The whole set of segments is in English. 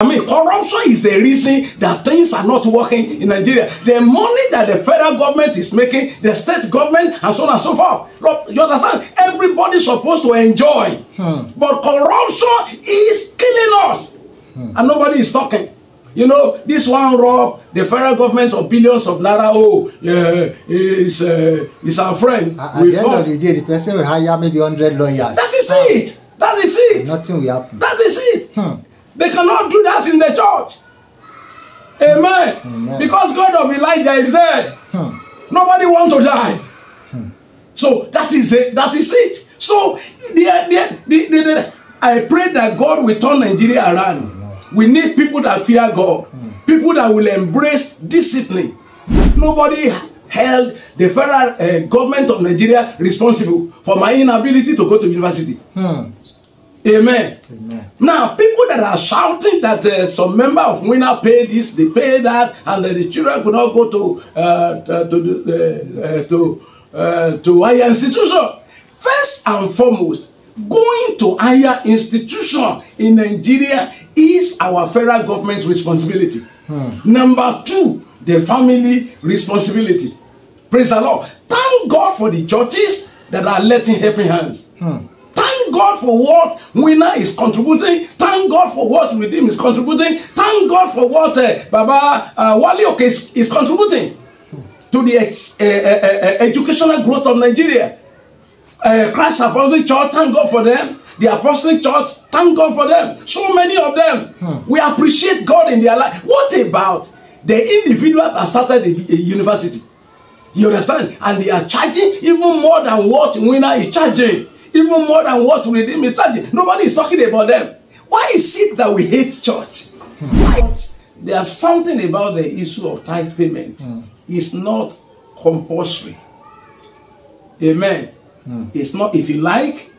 I mean, corruption is the reason that things are not working in Nigeria. The money that the federal government is making, the state government, and so on and so forth. Look, you understand? Everybody's supposed to enjoy. Hmm. But corruption is killing us. Hmm. And nobody is talking. You know, this one rob the federal government of billions of naira. Oh, yeah, is uh, is our friend. At, at the fought. end of the day, the person will hire maybe 100 lawyers. That is it. That is it. nothing will happen. That is it. Hmm. They cannot do that in the church. Amen. Amen. Because God of Elijah is there. Hmm. Nobody want to die. Hmm. So that is it. That is it. So the, the, the, the, the, I pray that God will turn Nigeria around. Hmm. We need people that fear God. Hmm. People that will embrace discipline. Nobody held the federal uh, government of Nigeria responsible for my inability to go to university. Hmm. Amen. Amen. Now, people that are shouting that uh, some member of winner pay this, they pay that, and uh, the children could not go to uh, uh to the, uh, uh, to to higher institution. First and foremost, going to higher institution in Nigeria is our federal government's responsibility. Hmm. Number two, the family responsibility. Praise the Lord. Thank God for the churches that are letting helping hands. Hmm. Thank God for what winner is contributing. Thank God for what redeem is contributing. Thank God for what uh, Baba uh, Wale is, is contributing to the ex, uh, uh, uh, educational growth of Nigeria. Uh, Christ Apostolic Church, thank God for them. The Apostolic Church, thank God for them. So many of them, hmm. we appreciate God in their life. What about the individual that started a, a university? You understand? And they are charging even more than what winner is charging even more than what redeem is charging. Nobody is talking about them. Why is it that we hate church? Right? There's something about the issue of tithe payment. Mm. It's not compulsory. Amen. Mm. It's not if you like.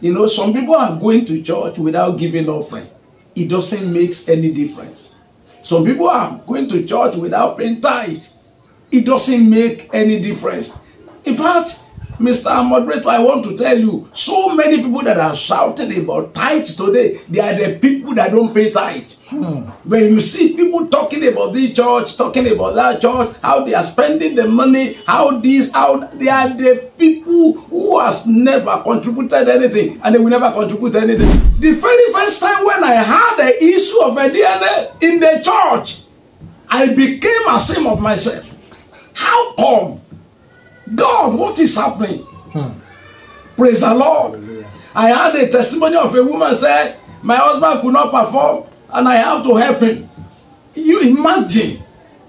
You know, some people are going to church without giving offering. It doesn't make any difference. Some people are going to church without paying tithe. It doesn't make any difference. In fact, Mr. Moderator, I want to tell you, so many people that are shouting about tithe today, they are the people that don't pay tithe. Hmm. When you see people talking about this church, talking about that church, how they are spending the money, how this, how they are the people who has never contributed anything, and they will never contribute anything. The very first time when I had the issue of a DNA in the church, I became ashamed of myself. How come? God, what is happening? Hmm. Praise the Lord. Hallelujah. I had a testimony of a woman said, My husband could not perform and I have to help him. You imagine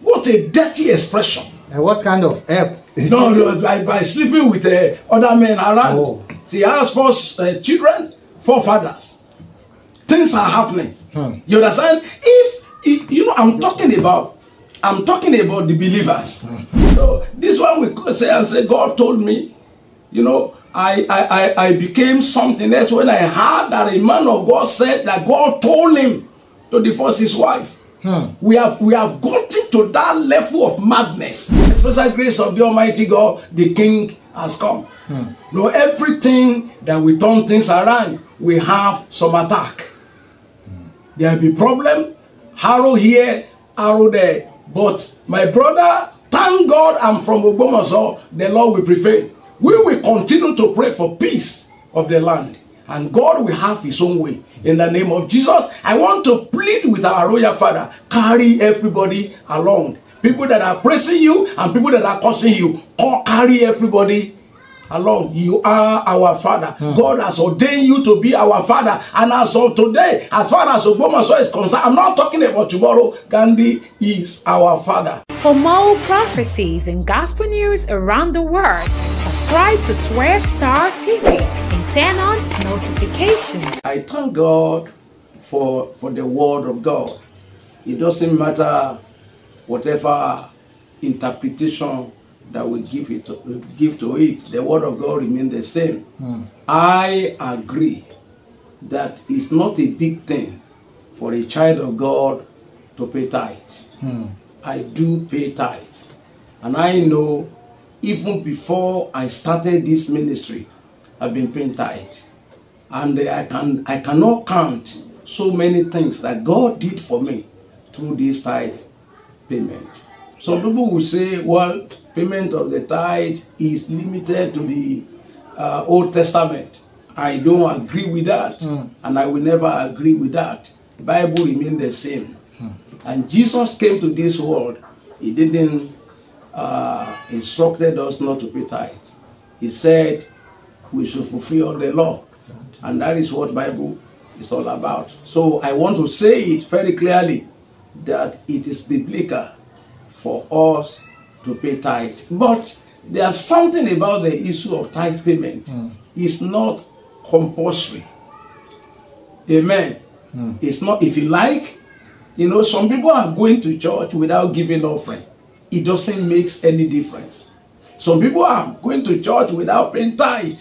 what a dirty expression. And eh, what kind of help? No, no, by, by sleeping with uh, other men around. Oh. She has four uh, children, four fathers. Things are happening. Hmm. You understand? If, you know, I'm talking about, I'm talking about the believers. Hmm. So this one we could say and say, God told me, you know, I, I, I, I became something. else when I heard that a man of God said that God told him to divorce his wife. Hmm. We have we have gotten to that level of madness. The special grace of the Almighty God, the King has come. Hmm. No, everything that we turn things around, we have some attack. Hmm. There will be problem, arrow here, arrow there. But my brother Thank God I'm from Obomaso. The Lord will prevail. We will continue to pray for peace of the land. And God will have his own way. In the name of Jesus, I want to plead with our royal father. Carry everybody along. People that are praising you and people that are cursing you. All carry everybody along. You are our father. Mm. God has ordained you to be our father. And as of today, as far as Obomaso is concerned, I'm not talking about tomorrow. Gandhi is our father. For more prophecies and gospel news around the world, subscribe to 12 Star TV and turn on notifications. I thank God for, for the word of God. It doesn't matter whatever interpretation that we give it to, give to it, the word of God remains the same. Mm. I agree that it's not a big thing for a child of God to pay tithe. Mm. I do pay tithe. And I know even before I started this ministry, I've been paying tithe. And I can I cannot count so many things that God did for me through this tithe payment. Some people will say, well, payment of the tithe is limited to the uh, Old Testament. I don't agree with that, mm. and I will never agree with that. Bible remains the same. Mm. And Jesus came to this world. He didn't uh, instructed us not to pay tithe. He said we should fulfill the law, hmm. and that is what Bible is all about. So I want to say it very clearly that it is biblical for us to pay tithe. But there's something about the issue of tithe payment. Mm. It's not compulsory. Amen. Mm. It's not, if you like, you know, some people are going to church without giving offering. It doesn't make any difference. Some people are going to church without paying tithe.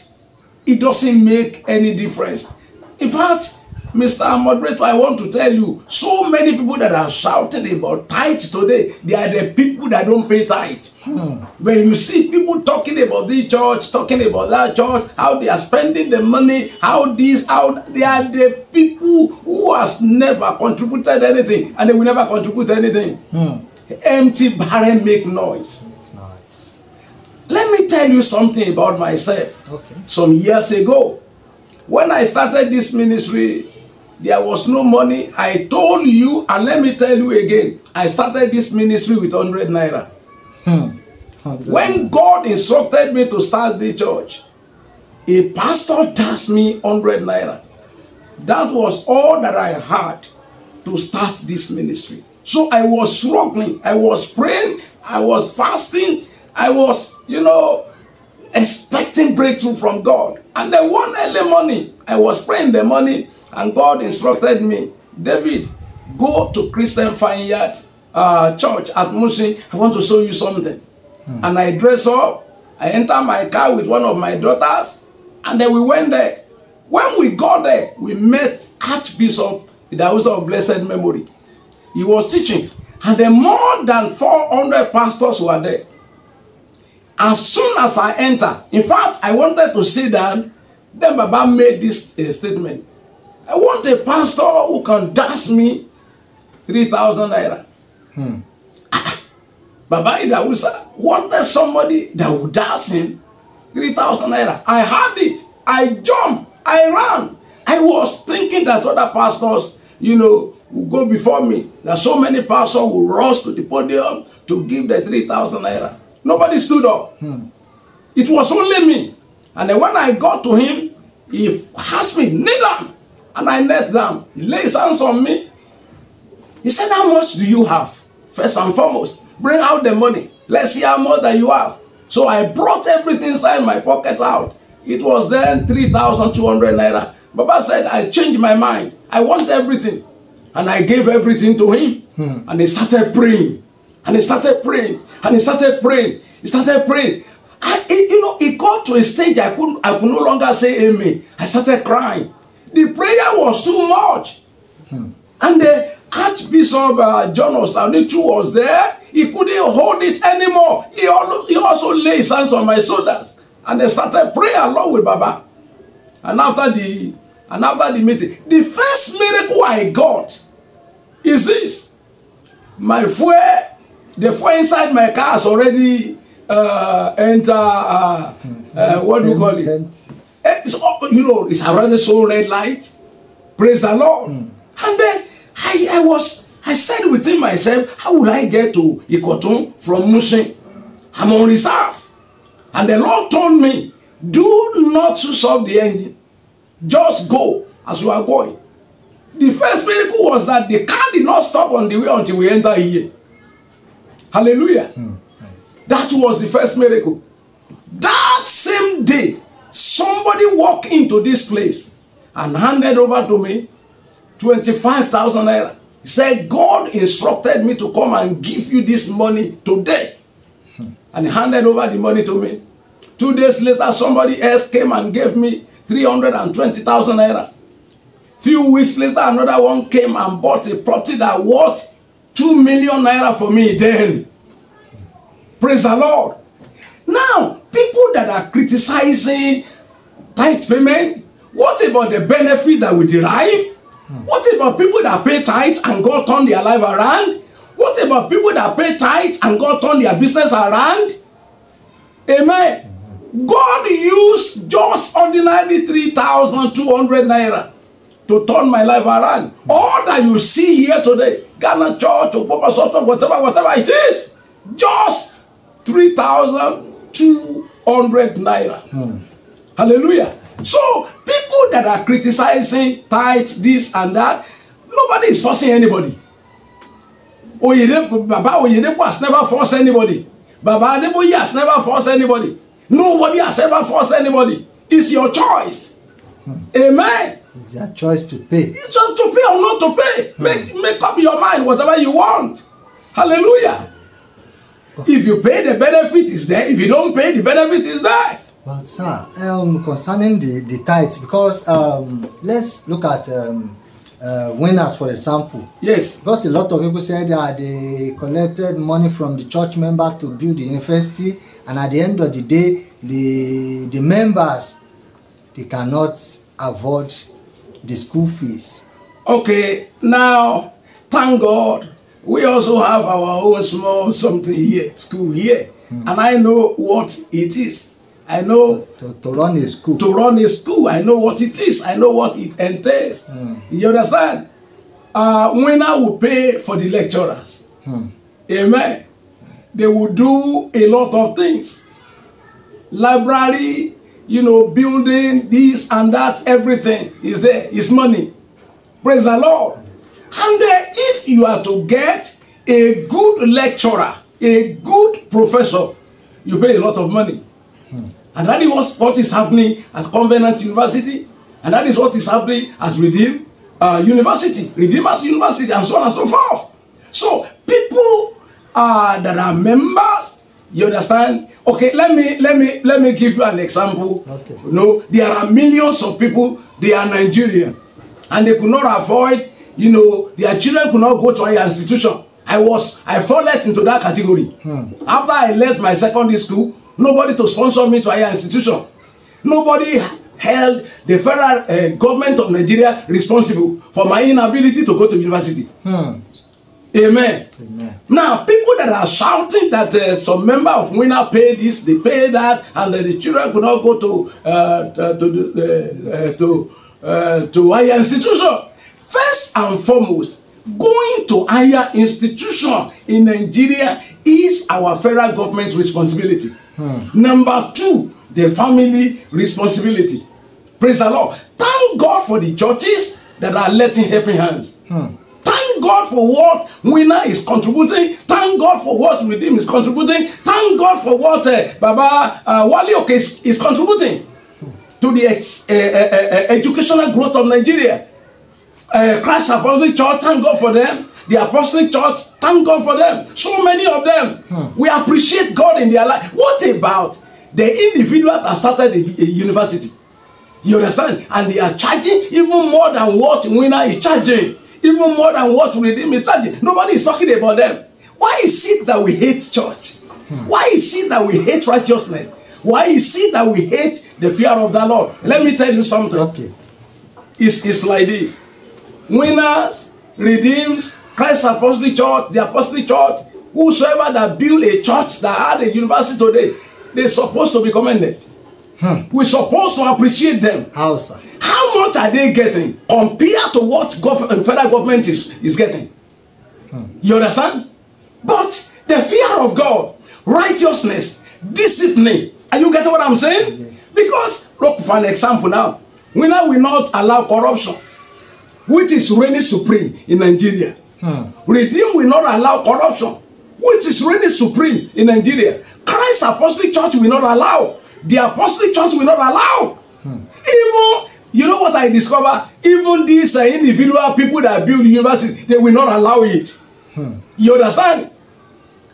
It doesn't make any difference. In fact, Mr. Moderator, I want to tell you, so many people that are shouting about tight today, they are the people that don't pay tight. Hmm. When you see people talking about this church, talking about that church, how they are spending the money, how this, how they are the people who has never contributed anything, and they will never contribute anything. Hmm. Empty barren make noise. Nice. Let me tell you something about myself. Okay. Some years ago, when I started this ministry, There was no money. I told you, and let me tell you again, I started this ministry with 100 naira. Hmm. When God instructed me to start the church, a pastor tasked me 100 naira. That was all that I had to start this ministry. So I was struggling, I was praying, I was fasting, I was, you know, expecting breakthrough from God. And I won early money. I was praying the money, and God instructed me, David, go to Christian Vineyard uh, Church at Mushi. I want to show you something. Hmm. And I dress up. I enter my car with one of my daughters, and then we went there. When we got there, we met Archbishop was of Blessed Memory. He was teaching, and then more than 400 pastors were there. As soon as I enter, in fact, I wanted to sit down. Then Baba made this uh, statement. I want a pastor who can dash me 3,000 naira. Hmm. Baba Idawusa wanted somebody that would dash him 3,000 naira. I had it. I jumped. I ran. I was thinking that other pastors, you know, will go before me. That so many pastors will rush to the podium to give the 3,000 naira. Nobody stood up. Hmm. It was only me. And then when I got to him, he asked me, kneel down. And I knelt down. He laid his hands on me. He said, how much do you have? First and foremost, bring out the money. Let's see how much that you have. So I brought everything inside my pocket out. It was then 3,200 naira. Baba said, I changed my mind. I want everything. And I gave everything to him. Hmm. And he started praying. And he started praying. And he started praying. He started praying. I, you know, he got to a stage I could, I could no longer say amen. I started crying. The prayer was too much. Hmm. And the Archbishop uh, John Ostanichu was there. He couldn't hold it anymore. He, all, he also laid his hands on my shoulders. And they started praying along with Baba. And after the and after the meeting, the first miracle I got is this. My fuel the fuel inside my car has already uh, enter uh, uh, what do you call it? It's, eh, oh, you know, it's already so red light. Praise the Lord. Mm. And then I, I was, I said within myself, how will I get to Ikoton from Mushin? I'm on reserve. And the Lord told me, do not switch off the engine. Just go as you are going. The first miracle was that the car did not stop on the way until we enter here. Hallelujah. Mm. That was the first miracle. That same day, somebody walked into this place and handed over to me 25,000 naira. He said, God instructed me to come and give you this money today. Hmm. And he handed over the money to me. Two days later, somebody else came and gave me 320,000 naira. Few weeks later, another one came and bought a property that worth two million naira for me then. Praise the Lord. Now, people that are criticizing tithe payment, what about the benefit that we derive? What about people that pay tithe and God turn their life around? What about people that pay tithe and God turn their business around? Amen. God used just ordinary 3,200 naira to turn my life around. All that you see here today, Ghana Church, Ogbomosotso, whatever, whatever it is, just 3,200 naira. Hmm. Hallelujah. So people that are criticizing tithe, this and that, nobody is forcing anybody. Oyedepo, Baba Oyedepo has never forced anybody. Baba Adeboye has never forced anybody. Nobody has ever forced anybody. It's your choice. Hmm. Amen. It's their choice to pay. It's your to pay or not to pay. Hmm. Make make up your mind whatever you want. Hallelujah. But, if you pay, the benefit is there. If you don't pay, the benefit is there. But sir, um, concerning the the tithes, because um, let's look at um, uh, winners for example. Yes. Because a lot of people said that they collected money from the church member to build the university, and at the end of the day, the the members they cannot avoid the school fees. Okay, now, thank God, we also have our own small something here, school here. Mm. And I know what it is. I know to, to, to run a school. To run a school. I know what it is. I know what it entails. Mm. You understand? Uh, winner will pay for the lecturers. Mm. Amen. They will do a lot of things. Library you know, building, this and that, everything is there. It's money. Praise the Lord. And uh, if you are to get a good lecturer, a good professor, you pay a lot of money. Hmm. And that is what is happening at Covenant University. And that is what is happening at Redeem uh, University, Redeemers University, and so on and so forth. So people uh, that are members You understand? Okay, let me let me let me give you an example. Okay. You no, know, there are millions of people, they are Nigerian, and they could not avoid, you know, their children could not go to higher institution. I was I fall into that category. Hmm. After I left my secondary school, nobody to sponsor me to higher institution. Nobody held the federal uh, government of Nigeria responsible for my inability to go to university. Hmm. Amen. Amen. Now, people that are shouting that uh, some member of winner pay this, they pay that, and that the children could not go to uh, uh to uh, uh, to uh, to higher institution. First and foremost, going to higher institution in Nigeria is our federal government responsibility. Hmm. Number two, the family responsibility. Praise the Lord. Thank God for the churches that are letting helping hands. Hmm. God for what winner is contributing. Thank God for what redeem is contributing. Thank God for what uh, Baba uh, Wale Oke is, is contributing to the ex, uh, uh, uh, educational growth of Nigeria. Uh, Christ Apostolic Church, thank God for them. The Apostolic Church, thank God for them. So many of them, hmm. we appreciate God in their life. What about the individual that started a, a university? You understand? And they are charging even more than what winner is charging even more than what Redeem is charging. Nobody is talking about them. Why is it that we hate church? Why is it that we hate righteousness? Why is it that we hate the fear of the Lord? Let me tell you something. Okay. It's, it's like this. Winners, redeems, Christ's Apostolic Church, the Apostolic Church, whosoever that build a church that had a university today, they're supposed to be commended. Hmm. We're supposed to appreciate them. How, sir? How much are they getting compared to what gov- federal government is, is getting? Hmm. You understand? But the fear of God, righteousness, discipline. Are you getting what I'm saying? Yes. Because, look for an example now. We now will not allow corruption, which is reigning supreme in Nigeria. Hmm. Redeem will not allow corruption, which is reigning supreme in Nigeria. Christ Apostolic Church will not allow the apostolic church will not allow. Hmm. Even you know what I discover? Even these uh, individual people that build universities, they will not allow it. Hmm. You understand?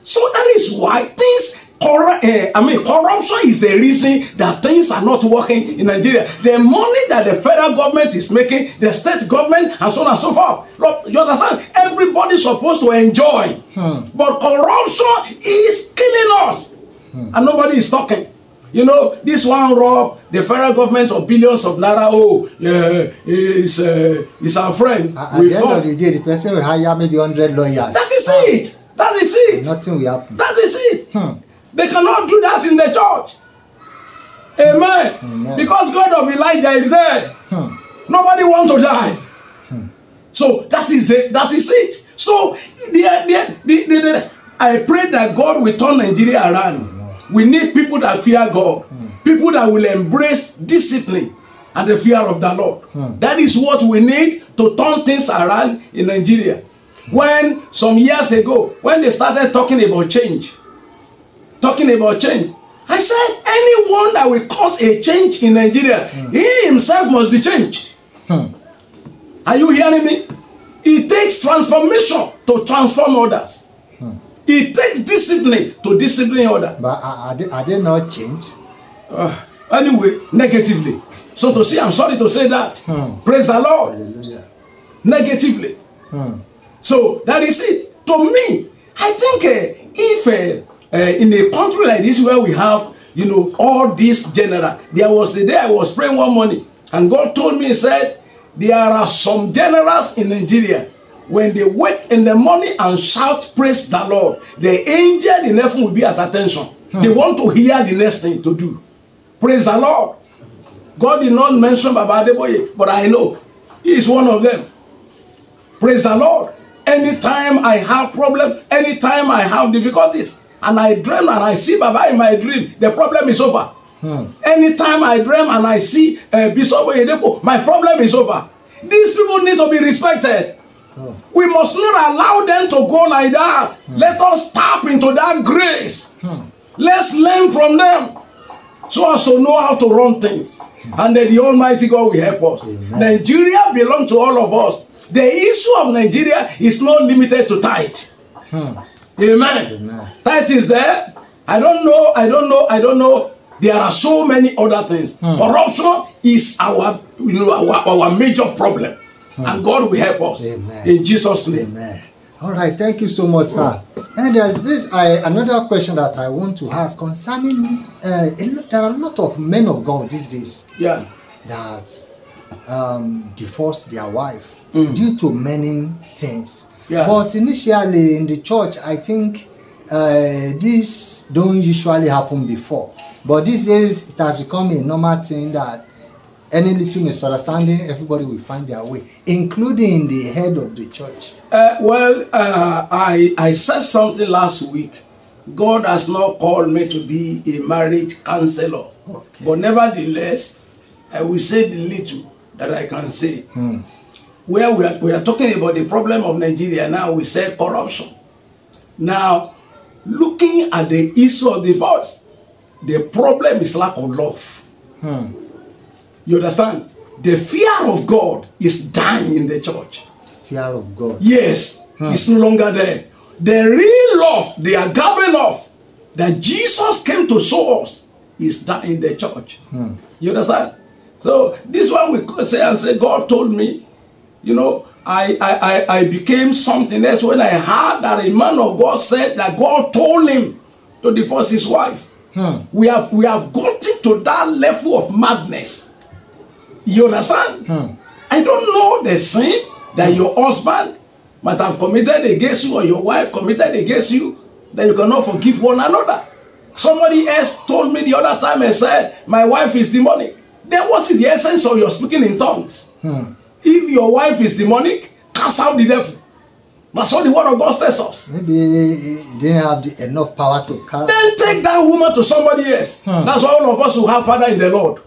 So that is why things Cor uh, eh, I mean, corruption is the reason that things are not working in Nigeria. The money that the federal government is making, the state government, and so on and so forth. Look, you understand? Everybody's supposed to enjoy. Hmm. But corruption is killing us. Hmm. And nobody is talking. You know, this one rob the federal government of billions of naira. Oh, yeah, eh, is uh, is our friend. At, at the fund. end of the day, the person will hire maybe hundred lawyers. That is ah. it. That is it. Nothing will happen. That is it. Hmm. They cannot do that in the church. Amen. Amen. Because God of Elijah is there. Hmm. Nobody want to die. Hmm. So that is it. That is it. So the, the, the, the, the, I pray that God will turn Nigeria around. Hmm. We need people that fear God, mm. people that will embrace discipline and the fear of the Lord. Mm. That is what we need to turn things around in Nigeria. When some years ago, when they started talking about change, talking about change, I said, anyone that will cause a change in Nigeria, mm. he himself must be changed. Hmm. Are you hearing me? It takes transformation to transform others. It takes discipline to discipline others. But are, they, are they not change? Uh, ah, anyway, negatively. So to say, I'm sorry to say that. Hmm. Praise the Lord. Hallelujah. Negatively. Hmm. So that is it. To me, I think uh, if uh, in a country like this where we have, you know, all these general, there was the day I was praying one morning, and God told me, He said, there are some generals in Nigeria when they wake in the morning and shout praise the lord the angel in heaven will be at attention hmm. they want to hear the next thing to do praise the lord god did not mention baba adeboye but i know he is one of them praise the lord anytime i have problem anytime i have difficulties and i dream and i see baba in my dream the problem is over hmm. anytime i dream and i see uh, bishop Depo, my problem is over these people need to be respected We must not allow them to go like that. Hmm. Let us tap into that grace. Hmm. Let's learn from them. So as to know how to run things. Hmm. And then the Almighty God will help us. Amen. Nigeria belongs to all of us. The issue of Nigeria is not limited to tithe. Hmm. Amen. Amen. Tithe is there. I don't know, I don't know, I don't know. There are so many other things. Hmm. Corruption is our, you know, our, our major problem. mm. and God will help us. Amen. In Jesus' name. Amen. All right, thank you so much, sir. Oh. And there's this I, another question that I want to ask concerning. Uh, there are a lot of men of God these days. Yeah. That um, divorce their wife mm. due to many things. Yeah. But initially in the church, I think uh, this don't usually happen before. But these days, it has become a normal thing that any little misunderstanding, everybody will find their way, including the head of the church. Uh, well, uh, I, I said something last week. God has not called me to be a marriage counselor. Okay. But nevertheless, I will say the little that I can say. Hmm. Where we are, we are talking about the problem of Nigeria now, we say corruption. Now, looking at the issue of divorce, the problem is lack of love. Hmm. You understand? The fear of God is dying in the church. Fear of God. Yes, hmm. it's no longer there. The real love, the agape love that Jesus came to show us is dying in the church. Hmm. You understand? So this one we could say and say, God told me, you know, I, I, I, I became something. else when I heard that a man of God said that God told him to divorce his wife. Hmm. We have we have gotten to that level of madness. You understand? Hmm. I don't know the sin that your husband might have committed against you or your wife committed against you that you cannot forgive one another. Somebody else told me the other time and said, My wife is demonic. Then what is the essence of your speaking in tongues? Hmm. If your wife is demonic, cast out the devil. That's what the word of God tells us. Maybe he didn't have the, enough power to cast. Then take that woman to somebody else. Hmm. That's why all of us who have father in the Lord.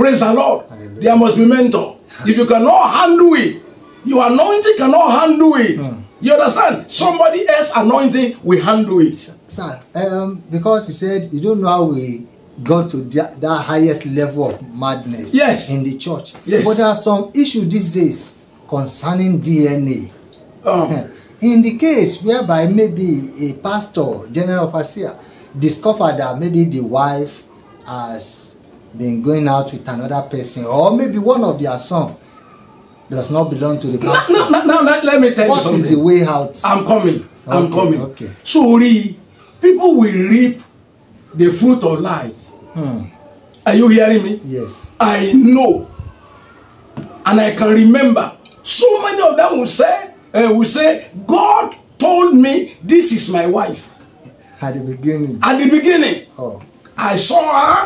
Praise the Lord. There must be mentor. If you cannot handle it, your anointing cannot handle it. Hmm. You understand? Somebody else anointing will handle it. Sir, um, because you said you don't know how we got to that, highest level of madness yes. in the church. Yes. But there are some issues these days concerning DNA. Um. In the case whereby maybe a pastor, general overseer, discovered that maybe the wife has been going out with another person or maybe one of their son does not belong to the pastor. Now, now, now let, let me tell what you something. What is the way out? I'm coming. Okay, I'm coming. Okay. Sorry, people will reap the fruit of lies. Hmm. Are you hearing me? Yes. I know. And I can remember so many of them will say, uh, will say, God told me this is my wife. At the beginning. At the beginning. Oh. I saw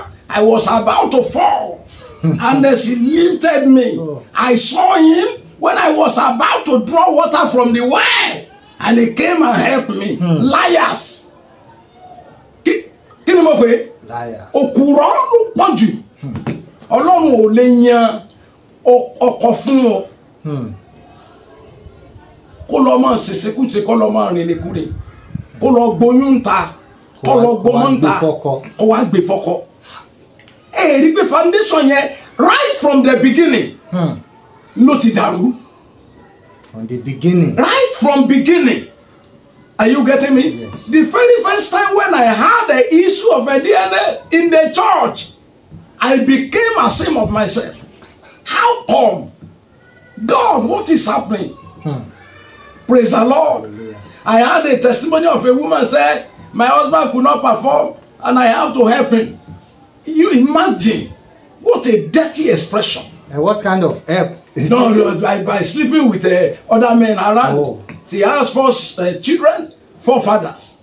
her I was about to fall. Hmm. and as he lifted me, oh. I saw him when I was about to draw water from the well. And he came and helped me. Hmm. Liars. Kí ni mo pè? Liars. Òkùrọ̀ ló pọ̀ jù. Hmm. Ọlọ́run ò lè yan ọkọ fún ọ. Hmm. Kó lọ máa ṣèṣekúṣe kó lọ máa rìnrìnkúrè. Kó lọ gboyún ta. Kó lọ gbọmọ́ ta. Kó wá gbé fọ́kọ èrí pé foundation yẹn right from the beginning hmm. ló ti dàrú. from the beginning. right from beginning. Are you getting me? Yes. The very first time when I had the issue of my DNA in the church, I became ashamed of myself. How come? God, what is happening? Hmm. Praise the Lord. Hallelujah. I had a testimony of a woman said, My husband could not perform, and I have to help him. You imagine what a dirty expression. Uh, what kind of help? No, no, by, by sleeping with uh, other men around. Oh. She has four uh, eh, children, four fathers.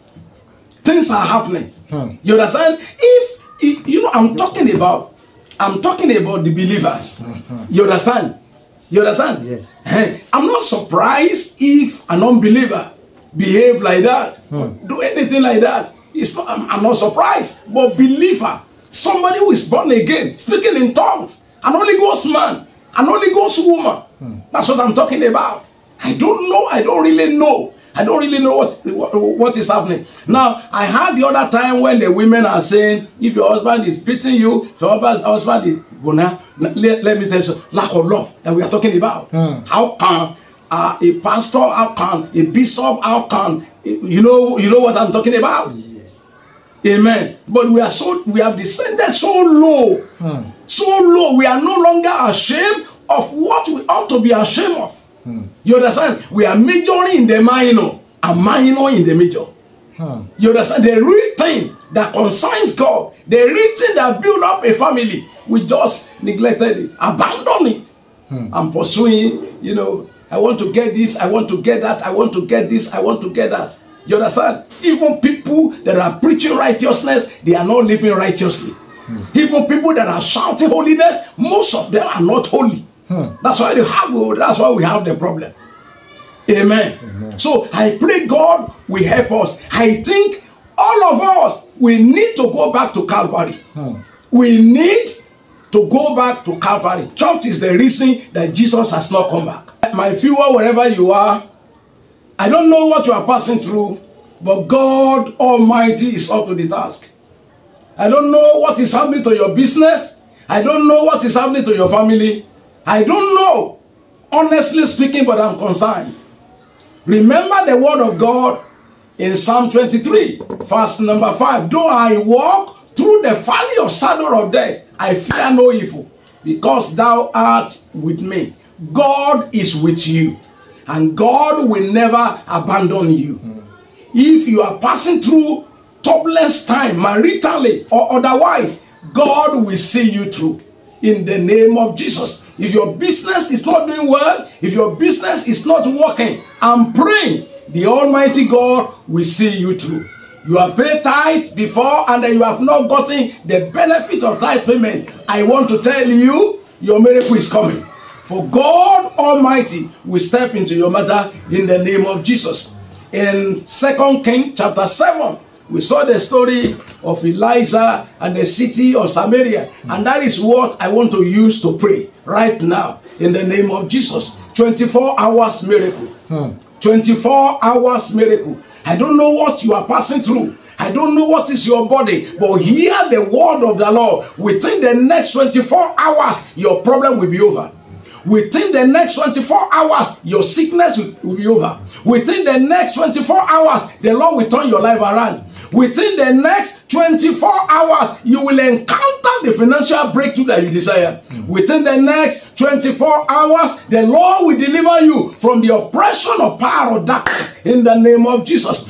Things are happening. Hmm. You understand? If, you know, I'm talking about, I'm talking about the believers. Mm-hmm. you understand? You understand? Yes. Hey, I'm not surprised if an unbeliever behave like that, hmm. do anything like that. It's not, I'm, I'm not surprised. But believer, Somebody who is born again, speaking in tongues, an Holy Ghost man, an Holy Ghost woman. Hmm. That's what I'm talking about. I don't know. I don't really know. I don't really know what, what, what is happening. Now, I had the other time when the women are saying, if your husband is beating you, if your husband is gonna let, let me tell you, lack of love that we are talking about. Mm. How can uh, a pastor, how can a bishop, how can you know you know what I'm talking about? Amen. But we are so we have descended so low, hmm. so low. We are no longer ashamed of what we ought to be ashamed of. Hmm. You understand? We are majoring in the minor and minor in the major. Hmm. You understand? The real thing that concerns God, the real thing that build up a family, we just neglected it, abandoned it, hmm. and pursuing. You know, I want to get this, I want to get that, I want to get this, I want to get that. You understand? Even people that are preaching righteousness, they are not living righteously. Hmm. Even people that are shouting holiness, most of them are not holy. Hmm. That's why they have that's why we have the problem. Amen. Amen. So I pray God will help us. I think all of us we need to go back to Calvary. Hmm. We need to go back to Calvary. Church is the reason that Jesus has not come back. My viewer, wherever you are, I don't know what you are passing through, but God Almighty is up to the task. I don't know what is happening to your business. I don't know what is happening to your family. I don't know, honestly speaking, but I'm concerned. Remember the word of God in Psalm 23, verse number 5. Though I walk through the valley of shadow of death, I fear no evil, because thou art with me. God is with you. And God will never abandon you. If you are passing through topless time, maritally or otherwise, God will see you through in the name of Jesus. If your business is not doing well, if your business is not working, I'm praying the Almighty God will see you through. You have paid tithe before and you have not gotten the benefit of tithe payment. I want to tell you, your miracle is coming. For God Almighty will step into your matter in the name of Jesus. In Second King chapter 7, we saw the story of Eliza and the city of Samaria. And that is what I want to use to pray right now in the name of Jesus. 24 hours miracle. Hmm. 24 hours miracle. I don't know what you are passing through. I don't know what is your body, but hear the word of the Lord. Within the next 24 hours, your problem will be over. Within the next 24 hours, your sickness will be over. Within the next 24 hours, the Lord will turn your life around. Within the next 24 hours, you will encounter the financial breakthrough that you desire. Within the next 24 hours, the Lord will deliver you from the oppression of power or darkness in the name of Jesus.